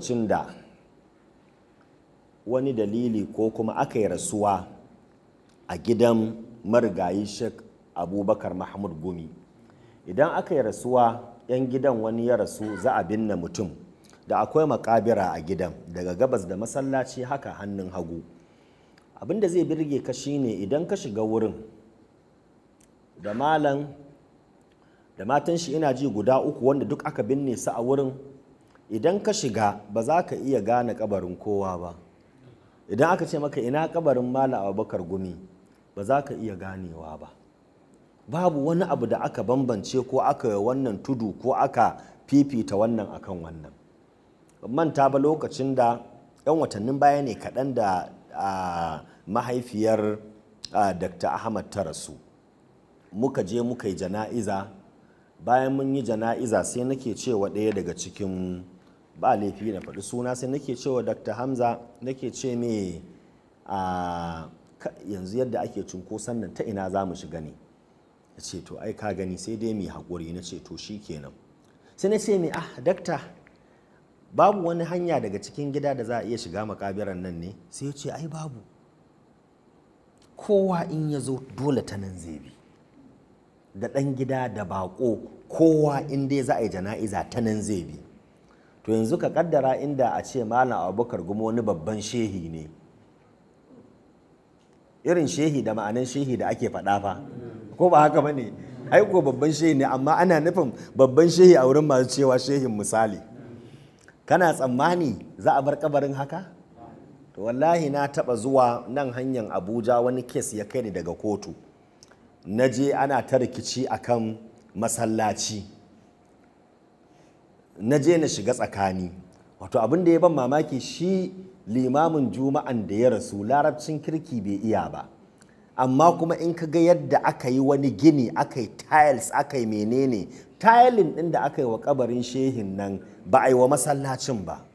lokacin da wani dalili ko kuma aka yi rasuwa a gidan marigayi shek abubakar mahmud gumi idan aka yi rasuwa 'yan gidan wani ya rasu za a binne mutum da akwai makabira a gidan daga gabas da masallaci haka hannun hagu abinda zai birge ka shine idan ka shiga wurin da malam da matan shi ina ji guda uku wanda duk aka binne su a wurin idan ka shiga ba za ka iya gane kabarin kowa ba idan aka ce maka ina kabarin mala abubakar gumi ba za ka iya ganewa ba babu wani abu da aka bambance ko aka wannan tudu ko aka fifita wannan akan wannan manta ba lokacin da 'yan watannin baya ne kaɗan da mahaifiyar dr ahmad ta rasu muka je muka yi jana'iza bayan mun yi jana'iza sai nake cewa ɗaya daga cikin ba laifi na faɗi suna sai nake cewa dr hamza nake ce me a yanzu yadda ake cunkoson nan ta ina za mu shiga ne ya ce to ai ka gani sai dai mai haƙuri na ce to shi kenan sai na ce mai ah dakta babu wani hanya daga cikin gida da za a iya shiga makabiran nan ne sai ya ce ai babu kowa in ya zo dole ta nan zai bi da ɗan gida da baƙo kowa in dai za a yi jana'iza ta nan zai bi to yanzu ka kaddara inda a ce malam abubakar gumo wani babban shehi ne irin shehi da ma'anan shehi da ake faɗa fa ko ba haka ba ne aiko babban shehi ne amma ana nufin babban shehi a wurin masu cewa shehin misali kana tsammani za a bar kabarin haka to wallahi na taɓa zuwa nan hanyar abuja wani kes ya kai ni daga kotu na je ana ta rikici akan masallaci na je na shiga tsakani wato abin da ya ban mamaki shi limamin juma'an da ya rasu larabcin kirki bai iya ba amma kuma in ka ga yadda aka yi wani gini aka yi tiles aka yi menene tiling ɗin da aka yi wa kabarin shehin nan ba a yi wa masallacin ba